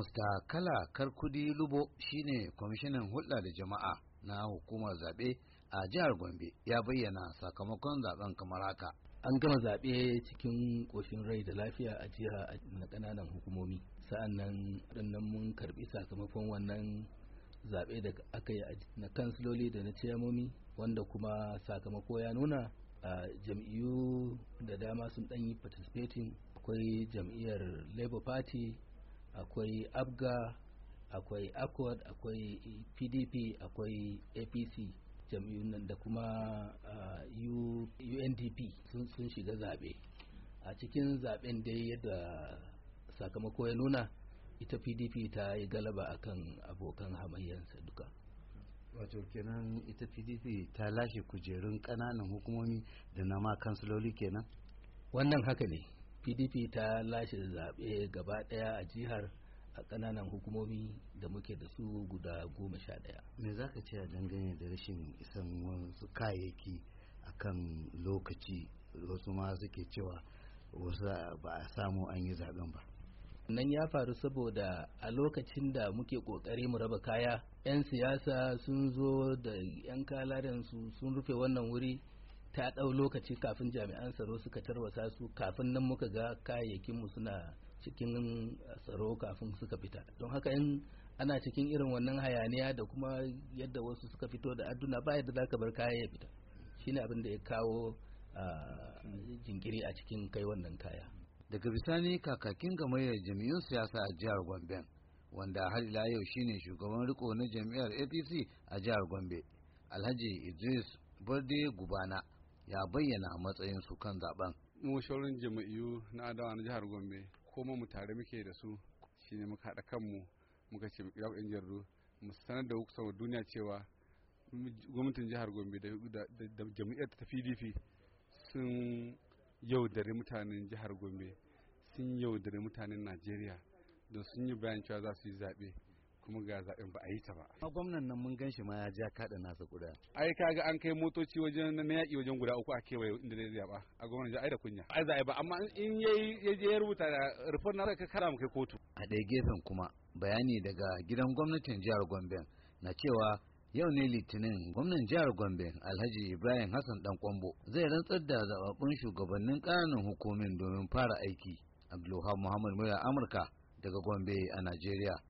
Mr. Kala Karkudi Lubo shine kwamishinan hulɗa da jama'a na hukumar zaɓe a jihar Gombe ya bayyana sakamakon zaben kamar haka. An gama zaɓe cikin ƙoshin rai da lafiya a jiha na ƙananan hukumomi. Sa'an nan mun karɓi sakamakon wannan zaɓe da aka yi na kansiloli da na ciyamomi wanda kuma sakamako ya nuna a jam'iyyu da dama sun ɗan yi participating akwai jam'iyyar labour party akwai abga akwai accord akwai pdp akwai apc jam'iyyun nan da kuma uh, undp sun shiga zaɓe a cikin zaɓen dai yadda sakamako ya nuna ita pdp ta yi galaba akan abokan hamayyarsa duka wato kenan ita pdp ta lashe kujerun ƙananan hukumomi da na ma kansiloli kenan wannan haka ne pdp ta lashe zaɓe gaba ɗaya a jihar a ƙananan hukumomi da muke da su guda goma sha ɗaya me za ka ce a dangane da rashin isan wasu kayayyaki a kan lokaci wasu ma suke cewa wasu ba a samu an yi zaben ba nan ya faru saboda a lokacin da muke ƙoƙari mu raba kaya 'yan siyasa sun zo da 'yan kalarensu sun rufe wannan wuri ta ɗau lokaci kafin jami'an tsaro suka tarwasa su kafin nan muka ga kayayyakinmu suna cikin tsaro kafin suka fita don haka in ana cikin irin wannan hayaniya da kuma yadda wasu suka fito da aduna ba yadda za ka bar kaya ya fita ne abin da ya kawo jinkiri a cikin kai wannan kaya daga bisani kakakin gamayyar jam'iyyun siyasa a jihar gombe wanda har ila yau shine shugaban riko na jami'ar apc a jihar gombe alhaji idris barde gubana ya bayyana a matsayin su kan zaben. mushorin jama'iyu na adawa na jihar Gombe kuma mu tare muke da su shine muka haɗa kanmu muka ce mu kira yan mu sanar da kusa duniya cewa gwamnatin jihar Gombe da jami'ar ta PDP sun yaudare mutanen jihar Gombe sun yaudare mutanen Najeriya da sun yi bayan cewa za su yi zaɓe. kuma ga zaɓen ba a yi ta ba. A gwamnan nan mun gan shi ma ya ja kaɗa nasa guda. Ai kaga an kai motoci wajen na yaƙi wajen guda uku a kewaye inda zai zaɓa a gwamnan ai da kunya. Ai yi ba amma in ya je ya rubuta da rufar na ka kara mu kai kotu. A ɗaya gefen kuma bayani daga gidan gwamnatin jihar Gombe na cewa yau ne litinin gwamnan jihar gombe alhaji ibrahim hassan dan kwambo zai rantsar da zababbun shugabannin ƙananan hukumin domin fara aiki Abdulhamid muhammad mura amurka daga gombe a najeriya